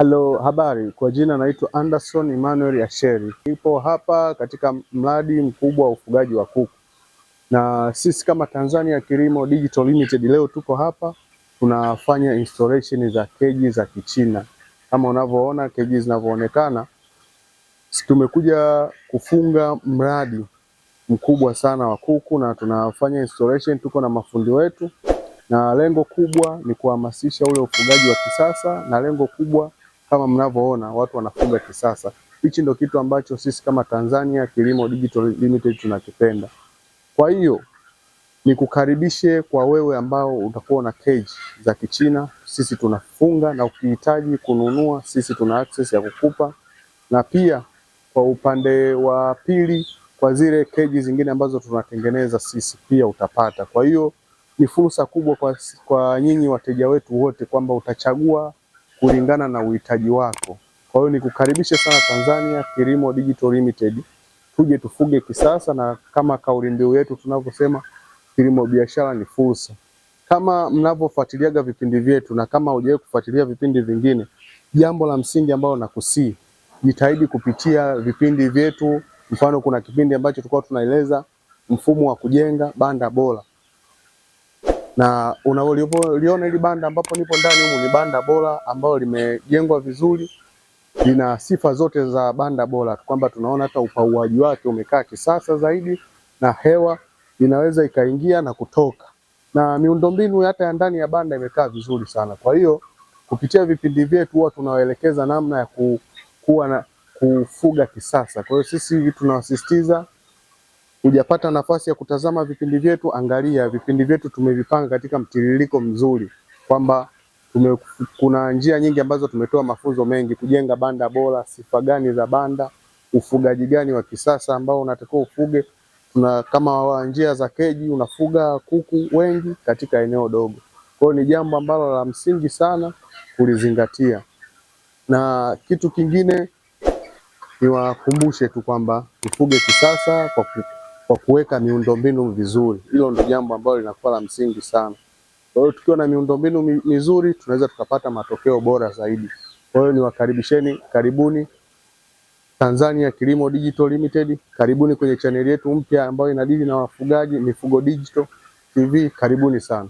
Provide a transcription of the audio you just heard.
Halo, habari. Kwa jina naitwa Anderson Emmanuel Asheri, nipo hapa katika mradi mkubwa wa ufugaji wa kuku, na sisi kama Tanzania Kilimo Digital Limited leo tuko hapa tunafanya installation za keji za Kichina kama unavyoona keji zinavyoonekana. Tumekuja kufunga mradi mkubwa sana wa kuku na tunafanya installation, tuko na mafundi wetu, na lengo kubwa ni kuhamasisha ule ufugaji wa kisasa, na lengo kubwa kama mnavyoona watu wanafuga kisasa. Hichi ndio kitu ambacho sisi kama Tanzania Kilimo Digital Limited tunakipenda. Kwa hiyo nikukaribishe kwa wewe ambao utakuwa na cage za Kichina, sisi tunafunga, na ukihitaji kununua, sisi tuna access ya kukupa, na pia kwa upande wa pili, kwa zile cage zingine ambazo tunatengeneza sisi pia utapata. Kwa hiyo ni fursa kubwa kwa, kwa nyinyi wateja wetu wote kwamba utachagua kulingana na uhitaji wako. Kwa hiyo nikukaribishe sana Tanzania Kilimo Digital Limited, tuje tufuge kisasa, na kama kauli mbiu yetu tunavyosema kilimo biashara ni fursa. Kama mnavyofuatiliaga vipindi vyetu na kama hujawahi kufuatilia vipindi vingine, jambo la msingi ambalo nakusii, jitahidi kupitia vipindi vyetu. Mfano, kuna kipindi ambacho tulikuwa tunaeleza mfumo wa kujenga banda bora na unaliona hili banda ambapo nipo ndani humu ni banda bora ambalo limejengwa vizuri, lina sifa zote za banda bora, kwamba tunaona hata upauaji wake umekaa kisasa zaidi na hewa inaweza ikaingia na kutoka, na miundombinu hata ya ndani ya banda imekaa vizuri sana. Kwa hiyo kupitia vipindi vyetu huwa tunawaelekeza namna ya ku, kuwa na kufuga kisasa. Kwa hiyo sisi tunawasisitiza Hujapata nafasi ya kutazama vipindi vyetu, angalia vipindi vyetu. Tumevipanga katika mtiririko mzuri, kwamba kuna njia nyingi ambazo tumetoa mafunzo mengi: kujenga banda bora, sifa gani za banda, ufugaji gani wa kisasa ambao unatakiwa ufuge. Tuna kama njia za keji, unafuga kuku wengi katika eneo dogo. Kwa hiyo ni jambo ambalo la msingi sana kulizingatia, na kitu kingine niwakumbushe tu kwamba tufuge kisasa kwa kuku kwa kuweka miundombinu vizuri. Hilo ndio jambo ambalo linakuwa la msingi sana. Kwa hiyo tukiwa na miundombinu mizuri, tunaweza tukapata matokeo bora zaidi. Kwa hiyo niwakaribisheni, karibuni Tanzania Kilimo Digital Limited, karibuni kwenye chaneli yetu mpya ambayo inadili na wafugaji, Mifugo Digital TV, karibuni sana.